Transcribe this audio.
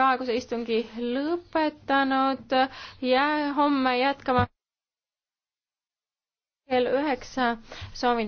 praeguse istungi lõpetanud ja homme jätkame kell üheksa soovin